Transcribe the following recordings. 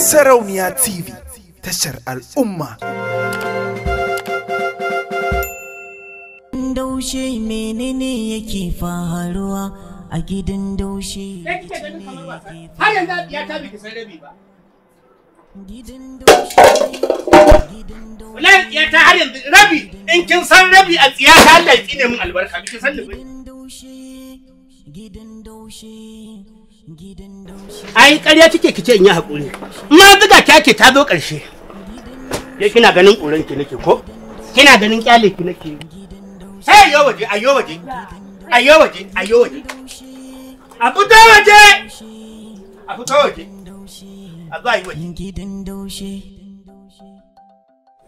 Sarauniya TV tashar al'umma. Daushe menene yake faruwa a gidan daushe? Har yanzu ya ta biki sai rabi ba. Gidan ya ta har yanzu rabi in kin san rabi a tsiya ta Allah ya tsine min albarka kin san da Gidan ai ƙarya kike kice in yi haƙuri ma buga ta ke ta zo ƙarshe ke kina ganin ƙuran ki nake ko kina ganin ƙyale ki nake sai yo waje ayo waje ayo waje ayo waje a fito waje a fito waje a zo ayi waje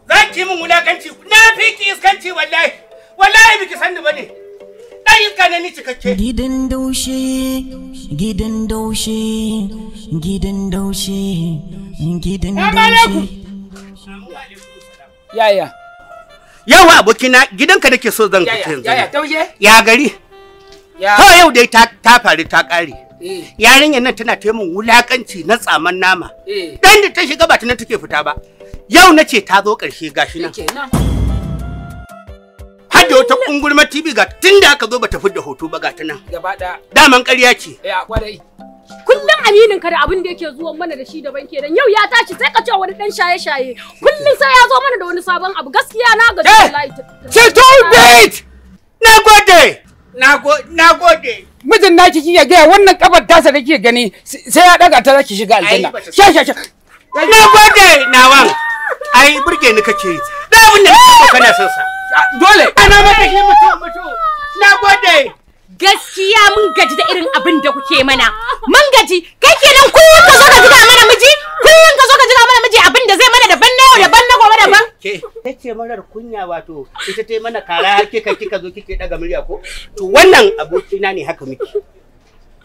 zaki ki min wulakanci na fi ki iskanci wallahi wallahi biki sanni bane ɗan iska ne ni cikakke gidan daushe gidan daushe gidan daushe gidan daushe yaya yawa abokina gidanka nake so zan fita yanzu yaya tauje ya gari kawai yau dai ta faru ta ƙare eh. yarinyar nan tana taimun wulakanci na tsaman nama eh. dan da ta shiga ba ta take fita ba yau na ce ta zo ƙarshe gashi nan ungurma TV ga tunda aka zo bata fidda hoto ba ga ta nan. Gaba Daman ƙarya ce. Eh a kwarai. Kullum aminin ka da abin da yake zuwa mana da shi da banke dan yau ya tashi sai ka ce wani dan shaye-shaye. Kullum sai ya zo mana da wani sabon abu gaskiya na ga eh, wallahi. Sai to bit. Na gode. Na go Na gode. Mijin naki ya ga wannan kabar tasa da kike gani sai ya daga ta zaki shiga aljanna. Sha sha sha. Na gode nawan. Ai burge ni kake. Da abin da kake kana son sa. Dole. Ana mata ke mutum mutum. Na gode. Gaskiya mun gaji da irin abin da kuke mana. Mun gaji. Kai kenan kullum ka zo ka jiga mana miji? Kullum ka zo ka jiga mana miji abin da zai mana ban na yau ban na gobe ban. Ke. Kace marar kunya wato ita tai mana kara har kika kika zo kike daga murya ko? To wannan abokina ne haka miki.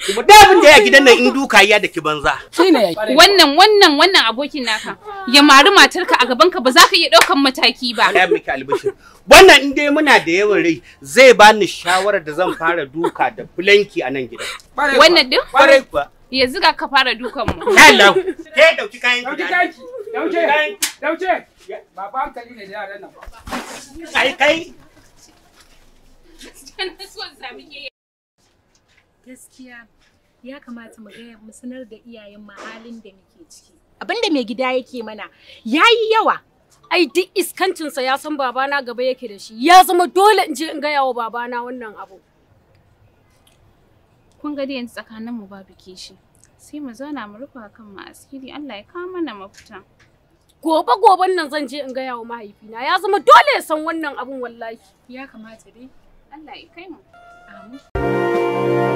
kuma da abin da ya gidan nan in duka ya da ki banza wannan wannan wannan abokin naka ya mari matarka a gaban ka ba za ka iya daukan mataki ba ya miki albishir wannan in dai muna da yawan rai zai bani shawarar da zan fara duka da fulanki a nan gidan wannan din kwarai kuwa yanzu ga ka fara dukan mu hello ke dauki kayan ki dauki kayan dauke ba hankali ne da yaran nan kai kai gaskiya ya kamata mu gaya mu sanar da iyayen mu halin da muke ciki abin da mai gida yake mana yayi yawa ai duk iskancinsa ya san babana gaba yake da shi ya zama dole in je in gaya wa babana wannan abu kun ga yanzu tsakanin mu babu kishi sai mu zauna mu rufa kan mu asiri Allah ya kawo mana mafita gobe goben nan zan je in gaya wa mahaifina ya zama dole ya san wannan abun wallahi ya kamata dai Allah ya kai mu amin